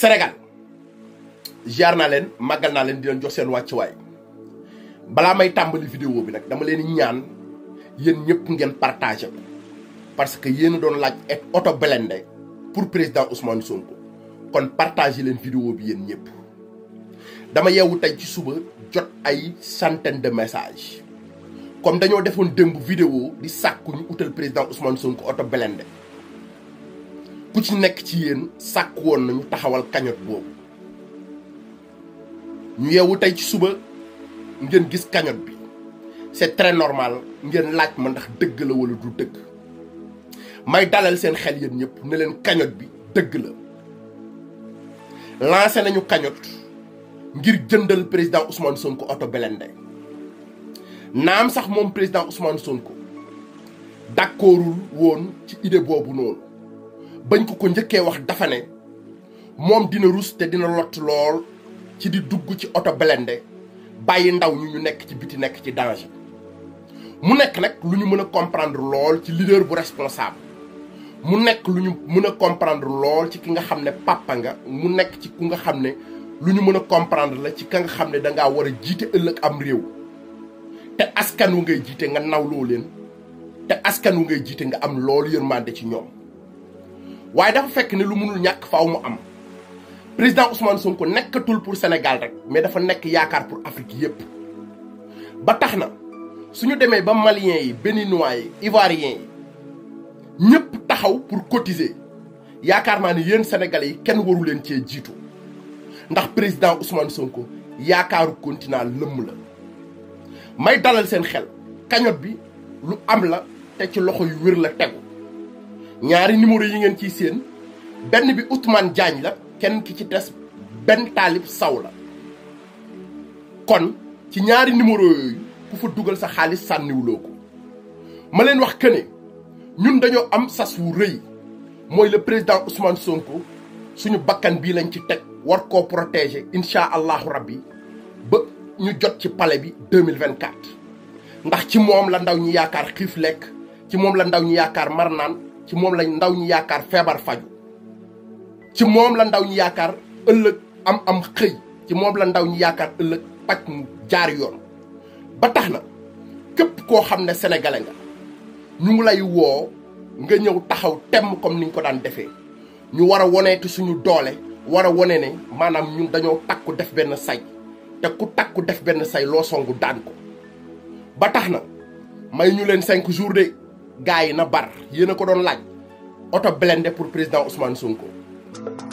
Sénégal jaar naa leen màggal naa leen di leen jox seen wàccuwaay balaa may tàmbali vidéo bi nag dama leen ñaan yéen ñëpp ngeen partagé ko parce que yéen doon laaj et oto belende pour président Ousmane Sonko kon partagé leen vidéo bi yéen ñëpp dama yewu tey ci suba jot ay centaine de messages comme dañoo defoon démb vidéo di sàkku ñu utal président Ousmane Sonko oto belende ku ci nekk ci yéen sàkku woon nañu taxawal cagnotte boobu ñu yeewu tey ci suba ngeen gis cagnotte bi c'est très normal ngeen laaj ma ndax dëgg la wala du dëgg may dalal seen xel yéen ñëpp ne leen cagnotte bi dëgg la lancé nañu cagnotte ngir jëndal président Ousmane Sonko oto belende naam sax moom président Ousmane Sonko d'accordul woon ci idée boobu noonu bañ ko ko njëkkee wax dafa ne moom dina rus te dina lott lool ci di dugg ci oto blindé bàyyi ndaw ñu ñu nekk ci biti nekk ci danger mu nekk nag lu ñu mën a comprendre lool ci leader bu responsable mu nekk lu ñu mën a comprendre lool ci ki nga xam ne papa nga mu nekk ci ku nga xam ne lu ñu mën a comprendre la ci ka nga xam ne dangaa war a jiite ëllëg am réew te askan wu ngay jiite nga nawloo leen te askan wu ngay jiite nga am loolu yërmande ci ñoom waaye dafa fekk ne lu mënul ñàkk faw mu am président Ousmane Sonko nekkatul pour Sénégal rek mais dafa nekk yaakaar pour Afrique yëpp ba tax na suñu demee ba maliens yi béninois yi ivoiriens yi ñëpp taxaw pour cotiser yaakaar naa ni yéen sénégalais yi kenn waru leen cee jiitu ndax président Ousmane Sonko yaakaaru continent lëmm la may dalal seen xel kañot bi lu am la te ci loxo yu wér la tegu ñaari numéro yi ngeen ciy seen benn bi Ousmane Diagne la. kenn ki ci des benn taalib saw kon ci ñaari numéro yooyu ku fa dugal sa xaalis sànniwuloo ko ma leen wax que ne ñun dañoo am sas wu rëy mooy le président Ousmane Sonko suñu bakkan bii lañ ci teg war koo protéger incha allahu rabbi ba ñu jot ci pale bi 2024 ndax ci moom la ndaw ñi yaakaar xiif lekk ci moom la ndaw ñi yaakaar mar naan ci moom la ndaw ñi yaakaar feebar faju ci moom la ndaw ñi yaakaar ëllëg am am xëy ci moom la ndaw ñi yaakaar ëllëg paj mu jaar yoon ba tax na képp koo xam ne sénégalais nga ñu ngi lay woo nga ñëw taxaw temm comme niñ ko daan defee ñu war a woneeti suñu doole war a wone ne maanaam ñun dañoo takku def benn say te ku takku def benn say loo songu daan ko ba tax na may ñu leen cinq jours de gars yi na bar yéen a ko doon laaj oto blindé pour président Ousmane Sonko Thank you.